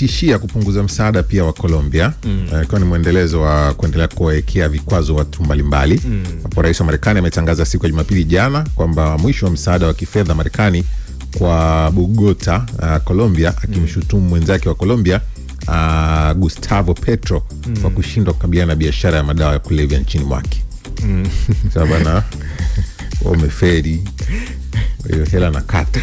ametishia kupunguza msaada pia wa Colombia mm. ikiwa eh, ni mwendelezo wa kuendelea kuwawekea vikwazo watu mbalimbali mm. hapo mm. Rais wa Marekani ametangaza siku ya Jumapili jana kwamba mwisho wa msaada wa kifedha Marekani kwa Bogota uh, Colombia, akimshutumu mm. mwenzake wa Colombia uh, Gustavo Petro mm. kwa kushindwa kukabiliana na biashara ya madawa ya kulevya nchini mwake mm. sabana wameferi hiyo hela na kata.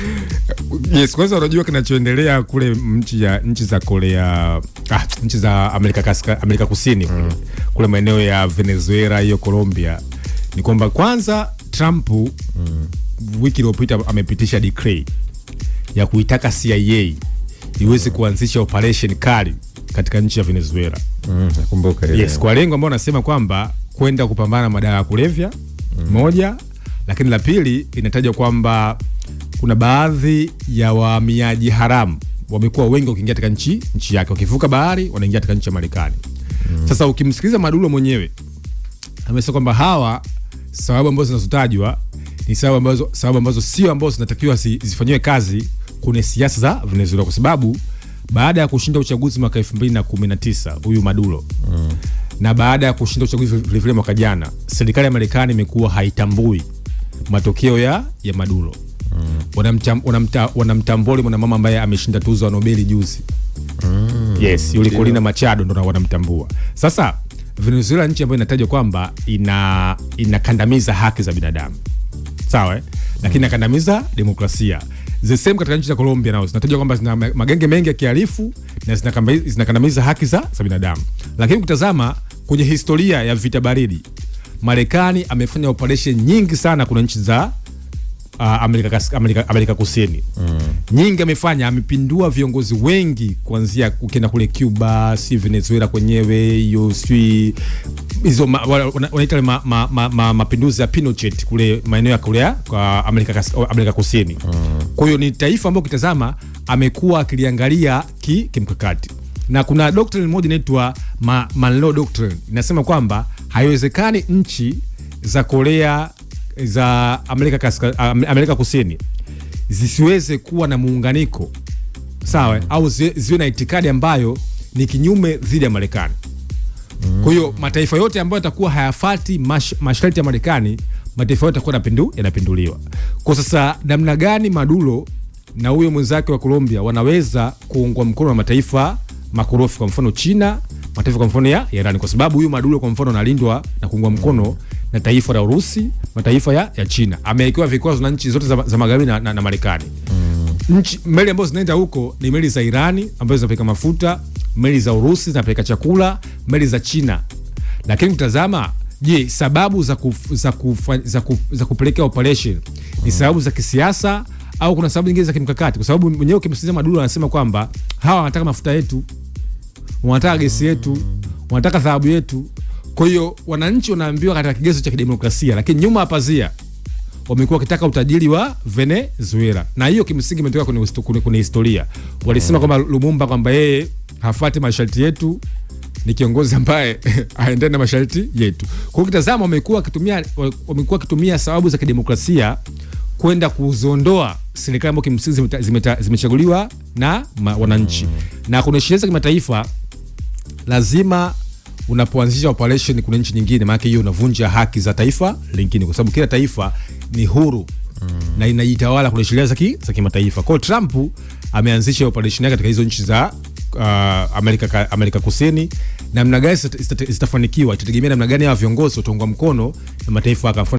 Yes, kwanza unajua kinachoendelea kule nchi ya nchi za Korea ah, nchi za Amerika kaska, Amerika Kusini kule, mm. kule maeneo ya Venezuela hiyo Colombia ni kwamba kwanza Trump mm. wiki iliyopita amepitisha decree ya kuitaka CIA iweze mm. kuanzisha operation kali katika nchi ya Venezuela. Mm, nakumbuka. Yes, kwa lengo ambao anasema kwamba kwenda kupambana madawa ya kulevya mm. moja lakini la pili inataja kwamba kuna baadhi ya wahamiaji haramu wamekuwa wengi wakiingia katika nchi nchi yake, wakivuka bahari wanaingia katika nchi ya Marekani. Mm. Sasa ukimsikiliza Maduro mwenyewe amesema kwamba hawa sababu ambazo zinazotajwa ni sababu ambazo sababu ambazo sio ambazo zinatakiwa si, zifanywe kazi kwenye siasa za Venezuela kwa sababu baada ya kushinda uchaguzi mwaka 2019 huyu Maduro mm. na baada ya kushinda uchaguzi vile vile mwaka jana, serikali ya Marekani imekuwa haitambui matokeo ya, ya Maduro mm. mwana mama ambaye ameshinda tuzo ya Nobeli juzi mm. yes, yule Corina Machado ndo wanamtambua sasa. Venezuela nchi ambayo inatajwa kwamba ina inakandamiza haki za binadamu sawa, eh? lakini mm. inakandamiza demokrasia the same katika nchi za Colombia nao zinatajwa kwamba zina magenge mengi ya kihalifu na zinakandamiza haki za binadamu, lakini ukitazama kwenye historia ya vita baridi Marekani amefanya operation nyingi sana, kuna nchi za uh, Amerika, Amerika, Amerika Kusini mm. nyingi amefanya, amepindua viongozi wengi, kuanzia ukienda kule Cuba, si Venezuela kwenyewe hiyo, si hizo wanaita ma, ma, ma, ma, ma, mapinduzi ya Pinochet kule maeneo ya Korea kwa Amerika, Amerika Kusini mm. kwa hiyo ni taifa ambalo kitazama amekuwa akiliangalia ki, kimkakati na kuna doctrine moja inaitwa Monroe Doctrine inasema kwamba haiwezekani nchi za Korea za Amerika, kaska, Amerika Kusini zisiweze kuwa na muunganiko sawa, au ziwe, na itikadi ambayo ni kinyume dhidi ya Marekani. Mm. Kwa hiyo mataifa yote ambayo yatakuwa hayafati mash, masharti ya Marekani, mataifa yote yatakuwa napindu, yanapinduliwa. Kwa sasa namna gani Maduro na huyo mwenzake wa Colombia wanaweza kuungwa mkono na mataifa makorofi, kwa mfano China mataifa kwa mfano ya Iran, kwa sababu huyu madulo kwa mfano analindwa na kuungwa mkono na taifa la Urusi, mataifa ya, ya China. Amewekewa vikwazo na nchi zote za, za magharibi na, na, na Marekani mm. nchi meli ambazo zinaenda huko ni meli za Irani ambazo zinapeleka mafuta, meli za Urusi zinapeleka chakula, meli za China. Lakini kutazama je, sababu za, kuf, za, kuf, za, kuf, za kupelekea operation ni mm. sababu za kisiasa au kuna sababu nyingine za kimkakati? Kwa sababu mwenyewe ukimsikiliza Maduro anasema kwamba hawa wanataka mafuta yetu wanataka gesi yetu, wanataka dhahabu yetu. Kwa hiyo wananchi wanaambiwa katika kigezo cha kidemokrasia, lakini nyuma ya pazia wamekuwa wakitaka utajiri wa Venezuela, na hiyo kimsingi imetoka kwenye historia. Walisema kwamba Lumumba kwamba yeye hafuati masharti yetu, ni kiongozi ambaye aendane na masharti yetu. Kwa hiyo kitazama, wamekuwa wakitumia wamekuwa wakitumia sababu za kidemokrasia kwenda kuzondoa serikali ambayo kimsingi zimechaguliwa na wananchi, mm. na kuna sheria za kimataifa lazima unapoanzisha operation kuna nchi nyingine, maana hiyo unavunja haki za taifa lingine, kwa sababu kila taifa ni huru mm. na inajitawala kwa sheria za kimataifa. Kwa hiyo Trump ameanzisha operation yake katika hizo nchi za uh, Amerika, Amerika Kusini. Namna gani zitafanikiwa itategemea namna gani hawa viongozi wataungwa mkono na mataifa